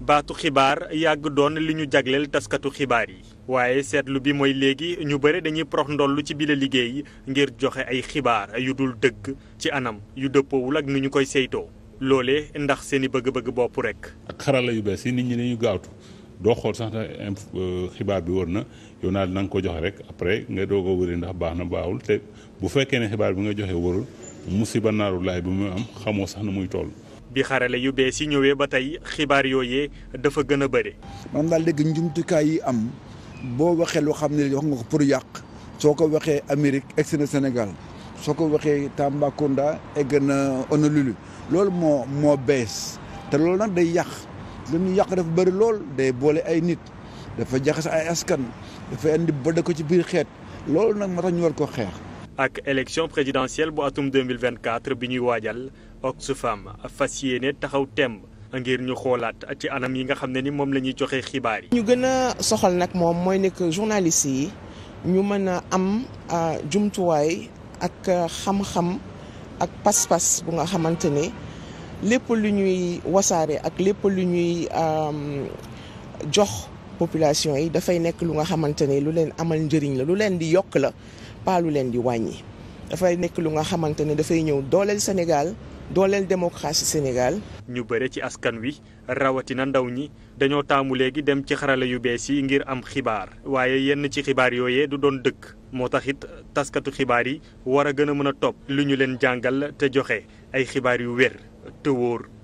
baatu xibaar yàgg doon li ñu jagleel taskatu xibaar yi waaye seetlu bi mooy léegi ñu bëri dañuy prox ndoll ci bile liggéey ngir joxe ay xibaar yu dul dëgg ci anam yu dëppoowul ak ni ñu koy saytoo loole ndax seen i bëgg-bëgg bopp rek. ak xarala yu bees yi nit ñi dañuy gaawtu doo xool sax na euh, xibaar bi wër na yow naa na ko joxe rek après nga doog a wëri ndax baax na baaxul te bu fekkee ne xibaar bi nga joxe wërul musiba naaru laay bi muy am xamoo sax na muy toll. bi xarale yu bees yi ñëwee ba tey xibaar yooyee dafa gën a bëri. maanaam daal léegi njumtukaay yi am boo waxee loo xam ne wax nga ko pour yàq soo ko waxee amerique egg na Sénégal soo ko waxee Tambacounda egg na Honolulu loolu moo moo bees te loolu nag day yàq lu nu yàq dafa bëri lool day boole ay nit dafa jaxase ay askan dafa indi bodde ko ci biir xeet loolu nag moo tax ñu war ko xeex. ak élection présidentielle bu atum 2024 bi ñuy waajal Oxfam fas yéene taxaw temb ngir ñu xoolaat ci anam yi nga xam ne ni moom la ñuy joxe xibaar yi. ñu gën a soxal nag moom mooy ne que journaliste yi ñu mën a am jumtuwaay ak xam-xam ak pas-pas bu nga xamante ne lépp lu ñuy wasaare ak lépp lu ñuy jox population yi dafay nekk lu nga xamante ne lu leen amal njëriñ la lu leen di yokk la pas lu leen di wàññi dafay nekk lu nga xamante ne dafay ñëw dooleel Sénégal. dooleel démocratie Sénégal. ñu bëre ci askan wi rawatina ndaw ñi dañoo taamu léegi dem ci xarala yu bees yi ngir am xibaar waaye yenn ci xibaar yooye du doon dëkk moo tax it taskatu xibaar yi war a gën a mën a topp lu ñu leen jàngal te joxe ay xibaar yu wér te wóor.